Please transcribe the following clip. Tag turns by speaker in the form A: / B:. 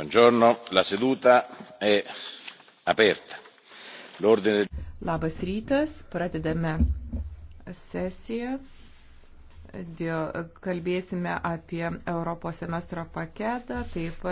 A: Buongiorno, la seduta è aperta. L'ordine.
B: Labas rytas, pradedame sesiją.
C: Dėl, kalbėsime apie Europos semestro paketą, taip pat.